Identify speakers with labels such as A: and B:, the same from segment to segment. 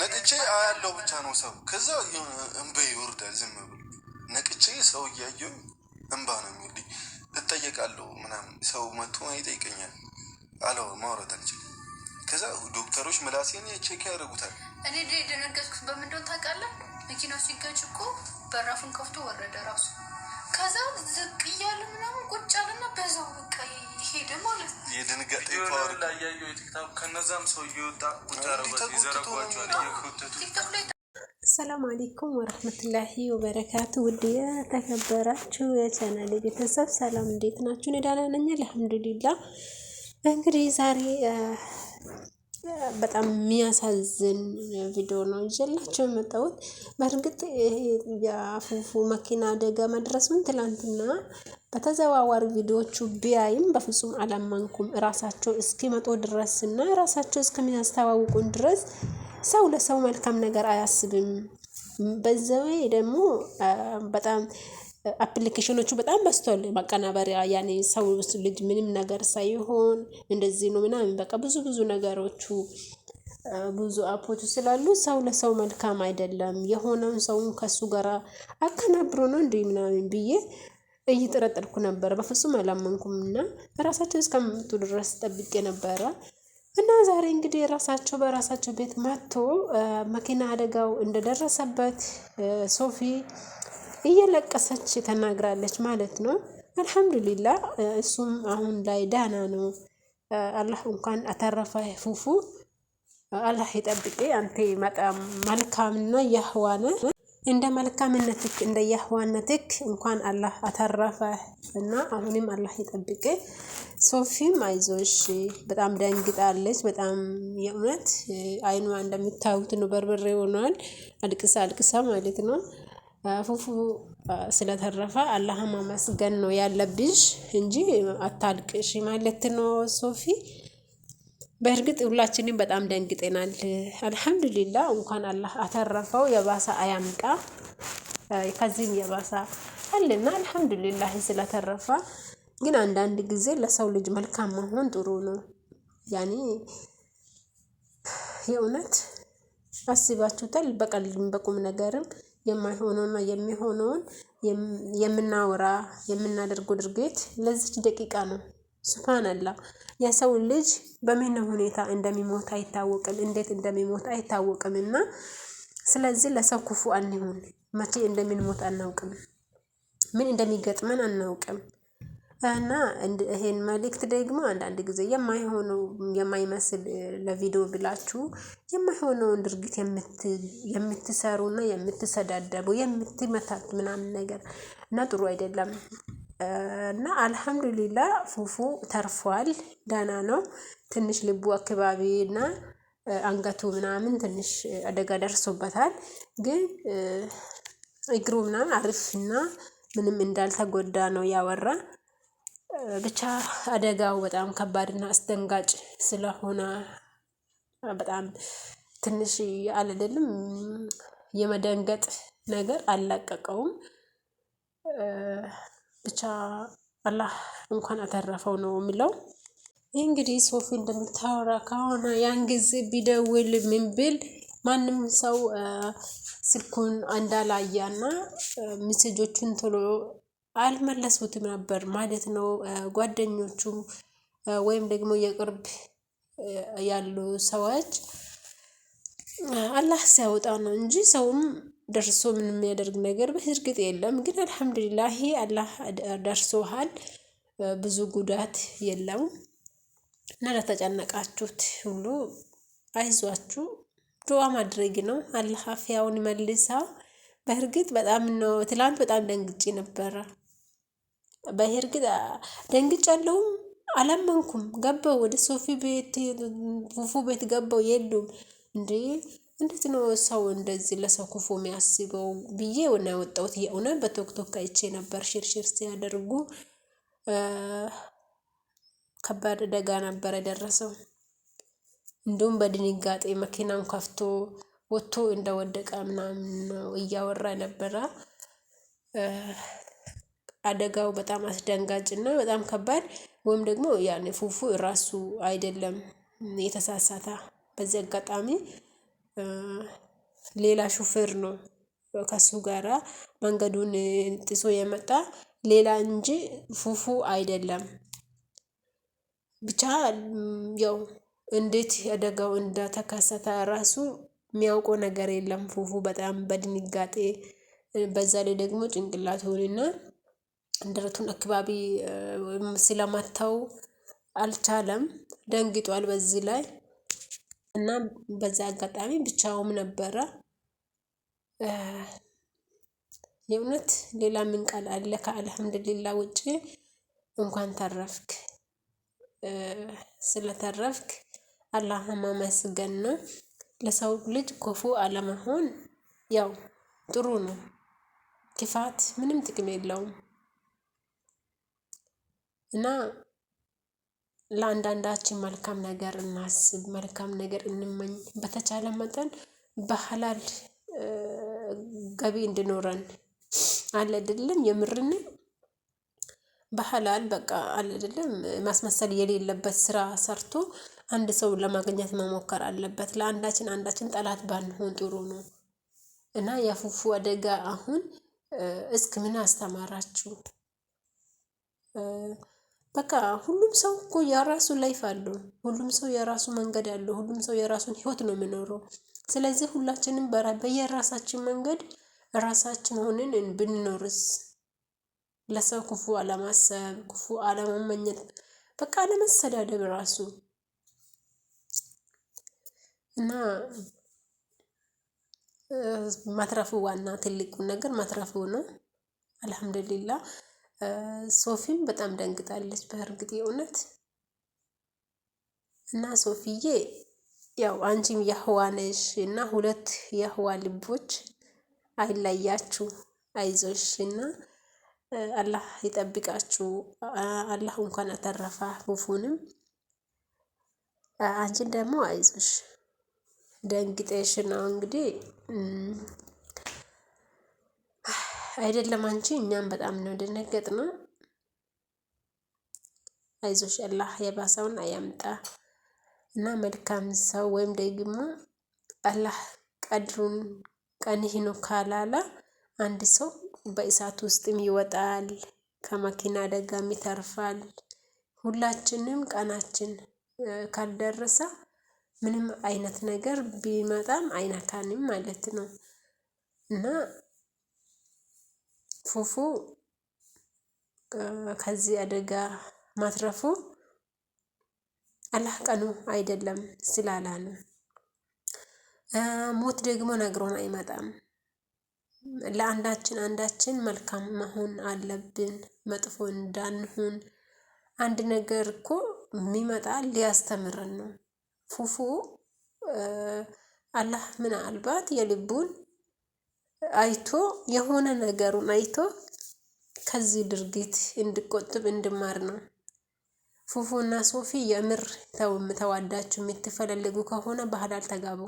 A: ነቅቼ አያለው ብቻ ነው ሰው። ከዛ እንባ ይወርዳል ዝም ብሎ ነቅቼ ሰው እያየው እንባ ነው የሚወርድ። እጠየቃለሁ ምናምን ሰው መቶ ይጠይቀኛል አለው ማውራት አልችልም። ከዛ ዶክተሮች ምላሴን ቼክ ያደርጉታል።
B: እኔ ደ የደነገጥኩት በምንደው ታውቃለህ? መኪናው ሲገጭ እኮ በራፉን ከፍቶ ወረደ ራሱ። ከዛ ዝቅ እያለ ምናምን ቁጭ አለና በዛው በቃ ሄደ
A: የድንጋጤ ፓወር ላያየው የቲክታክ ከነዛም ሰው እየወጣ ቁጭ ይዘረጓቸዋል እየኮተቱ
B: ሰላም አሌይኩም ወረህመቱላሂ ወበረካቱ። ውድ የተከበራችሁ የቻናል ቤተሰብ ሰላም እንዴት ናችሁ? እኔ ደህና ነኝ እንግዲህ ዛሬ በጣም የሚያሳዝን ቪዲዮ ነው ይዤላቸው የመጣሁት። በእርግጥ የአፉፉ መኪና አደጋ መድረሱን ትላንትና በተዘዋዋሪ ቪዲዮዎቹ ቢያይም በፍጹም አላመንኩም። እራሳቸው እስኪመጡ ድረስና ራሳቸው እስከሚያስተዋውቁን ድረስ ሰው ለሰው መልካም ነገር አያስብም። በዛው ደግሞ በጣም አፕሊኬሽኖቹ በጣም በዝቷል። ማቀናበሪያ ያኔ ሰው ልጅ ምንም ነገር ሳይሆን እንደዚህ ነው ምናምን በቃ ብዙ ብዙ ነገሮቹ ብዙ አፖቹ ስላሉ ሰው ለሰው መልካም አይደለም። የሆነውን ሰውን ከሱ ጋር አከናብሮ ነው እንዲ ምናምን ብዬ እየጠረጠርኩ ነበረ። በፍጹም አላመንኩም እና ራሳቸው እስከምጡ ድረስ ጠብቄ ነበረ። እና ዛሬ እንግዲህ ራሳቸው በራሳቸው ቤት መጥቶ መኪና አደጋው እንደደረሰበት ሶፊ እየለቀሰች ተናግራለች ማለት ነው። አልሐምዱሊላ እሱም አሁን ላይ ዳና ነው። አላህ እንኳን አተረፈ ፉፉ። አላህ ይጠብቄ። አንተ መጣም መልካምና ያህዋነ እንደ መልካምነትክ እንደ ያህዋነትክ እንኳን አላህ አተረፈ እና አሁንም አላህ ይጠብቄ። ሶፊም አይዞሽ። በጣም ደንግጣለች። በጣም የእውነት አይኗ እንደምታዩት ነው በርበሬ ሆኗል። አልቅሳ አልቅሳ ማለት ነው። ፉፉ ስለተረፈ አላህ ማመስገን ነው ያለብሽ እንጂ አታልቅሽ ማለት ነው ሶፊ። በእርግጥ ሁላችንም በጣም ደንግጤናል። አልሐምዱሊላ እንኳን አላህ አተረፈው። የባሰ አያምቃ ከዚህም የባሰ አለና አልሐምዱሊላ ስለተረፈ። ግን አንዳንድ ጊዜ ለሰው ልጅ መልካም መሆን ጥሩ ነው። ያኔ የእውነት አስባችሁታል። በቀልድም በቁም ነገርም የማይሆነውና የሚሆነውን የምናወራ የምናደርገው ድርጊት ለዚች ደቂቃ ነው። ሱብሃነላ የሰው ልጅ በምን ሁኔታ እንደሚሞት አይታወቅም፣ እንዴት እንደሚሞት አይታወቅም። እና ስለዚህ ለሰው ክፉ አንሆን። መቼ እንደምንሞት አናውቅም፣ ምን እንደሚገጥመን አናውቅም። እና ይሄን መልእክት ደግሞ አንዳንድ ጊዜ የማይመስል ለቪዲዮ ብላችሁ የማይሆነውን ድርጊት እና የምትሰዳደቡ የምትመታት ምናምን ነገር እና ጥሩ አይደለም። እና አልሐምዱሊላ ፉፉ ተርፏል፣ ደህና ነው። ትንሽ ልቡ አካባቢ እና አንገቱ ምናምን ትንሽ አደጋ ደርሶበታል፣ ግን እግሩ ምናምን አሪፍና ምንም እንዳልተጎዳ ነው ያወራ ብቻ አደጋው በጣም ከባድና አስደንጋጭ ስለሆነ በጣም ትንሽ አልደልም የመደንገጥ ነገር አላቀቀውም። ብቻ አላህ እንኳን አተረፈው ነው የሚለው። ይህ እንግዲህ ሶፊ እንደምታወራ ከሆነ ያን ጊዜ ቢደውል ምን ብል ማንም ሰው ስልኩን እንዳላያና ሚሴጆቹን ቶሎ አልመለሱትም ነበር ማለት ነው። ጓደኞቹ ወይም ደግሞ የቅርብ ያሉ ሰዎች አላህ ሲያወጣ ነው እንጂ ሰውም ደርሶ ምን የሚያደርግ ነገር በእርግጥ የለም። ግን አልሐምዱሊላህ አላህ ደርሶሃል ብዙ ጉዳት የለም እና ለተጨነቃችሁት ሁሉ አይዟችሁ ዱዓ ማድረግ ነው። አላህ አፍያውን መልሰው። በእርግጥ በጣም ነው ትላንት በጣም ደንግጬ ነበረ በእርግጥ ደንግጫለሁም አላመንኩም። ገባው ወደ ሶፊ ቤት ፉፉ ቤት ገባው የሉም እንዴ እንዴት ነው ሰው እንደዚህ ለሰው ክፉ የሚያስበው ብዬ ሆነ ወጣሁት። የሆነ በቶክቶክ አይቼ ነበር ሽርሽር ሲያደርጉ ከባድ አደጋ ነበር የደረሰው። እንዲሁም በድንጋጤ መኪናም ከፍቶ ወጥቶ እንደወደቀ ምናምን እያወራ ነበረ። አደጋው በጣም አስደንጋጭ እና በጣም ከባድ ወይም ደግሞ ያን ፉፉ ራሱ አይደለም የተሳሳተ በዚህ አጋጣሚ ሌላ ሹፌር ነው ከሱ ጋራ መንገዱን ጥሶ የመጣ ሌላ እንጂ ፉፉ አይደለም። ብቻ ያው እንዴት አደጋው እንደተከሰተ ራሱ የሚያውቀው ነገር የለም። ፉፉ በጣም በድንጋጤ በዛ ላይ ደግሞ ሆንና እንደረቱን አካባቢ ስለመታው አልቻለም። ደንግጧል በዚህ ላይ እና በዛ አጋጣሚ ብቻውም ነበረ። የእውነት ሌላ ምን ቃል አለ ከአልሐምድሊላ ውጭ? እንኳን ተረፍክ። ስለተረፍክ አላህ ማመስገን ነው። ለሰው ልጅ ክፉ አለመሆን ያው ጥሩ ነው። ክፋት ምንም ጥቅም የለውም። እና ለአንዳንዳችን መልካም ነገር እናስብ መልካም ነገር እንመኝ በተቻለ መጠን በሀላል ገቢ እንድኖረን አለድልም የምርን በሀላል በቃ አለድልም ማስመሰል የሌለበት ስራ ሰርቶ አንድ ሰው ለማግኘት መሞከር አለበት። ለአንዳችን አንዳችን ጠላት ባንሆን ጥሩ ነው። እና የፉፉ አደጋ አሁን እስክ ምን አስተማራችሁ? በቃ ሁሉም ሰው እኮ የራሱ ላይፍ አለው። ሁሉም ሰው የራሱ መንገድ አለው። ሁሉም ሰው የራሱን ህይወት ነው የሚኖረው። ስለዚህ ሁላችንም በየራሳችን መንገድ ራሳችን ሆንን ብንኖርስ፣ ለሰው ክፉ አለማሰብ፣ ክፉ አለመመኘት፣ በቃ አለመሰዳደብ ራሱ እና ማትረፉ ዋና ትልቁ ነገር ማትረፉ ነው። አልሐምዱሊላህ ሶፊም በጣም ደንግጣለች። በእርግጥ እውነት እና ሶፊዬ ያው አንቺም የህዋ ነሽ እና ሁለት የህዋ ልቦች አይላያችሁ፣ አይዞሽ እና አላህ ይጠብቃችሁ። አላህ እንኳን አተረፋ ክፉንም አንቺን ደግሞ አይዞሽ ደንግጤሽ ነው እንግዲህ አይደለም አንቺ፣ እኛም በጣም ነው ደነገጥ ነው። አይዞሽ አላህ የባሰውን አያምጣ እና መልካም ሰው ወይም ደግሞ አላህ ቀድሩን ቀንህ ነው ካላለ አንድ ሰው በእሳት ውስጥም ይወጣል፣ ከመኪና አደጋም ይተርፋል። ሁላችንም ቀናችን ካልደረሰ ምንም አይነት ነገር ቢመጣም አይነካንም ማለት ነው እና ፉፉ ከዚህ አደጋ ማትረፉ አላህ ቀኑ አይደለም ስላላሉ ሞት ደግሞ ነግሮን አይመጣም። ለአንዳችን አንዳችን መልካም መሆን አለብን፣ መጥፎ እንዳንሆን። አንድ ነገር እኮ የሚመጣ ሊያስተምረን ነው። ፉፉ አላህ ምናልባት የልቡን አይቶ የሆነ ነገሩን አይቶ ከዚህ ድርጊት እንድቆጥብ እንድማር ነው። ፉፉ እና ሶፊ የምር ተውም ተዋዳችሁ የምትፈለልጉ ከሆነ ባህል አልተጋቡ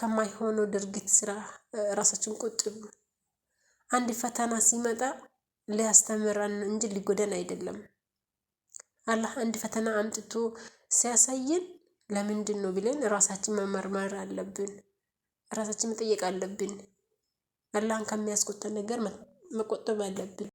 B: ከማይሆኑ ድርጊት ስራ ራሳችን ቆጥቡ። አንድ ፈተና ሲመጣ ሊያስተምረን እንጂ ሊጎደን አይደለም። አላህ አንድ ፈተና አምጥቶ ሲያሳየን ለምንድን ነው ብለን ራሳችን መመርመር አለብን። ራሳችን መጠየቅ አለብን። አላህን ከሚያስቆጣ ነገር መቆጠብ አለብን።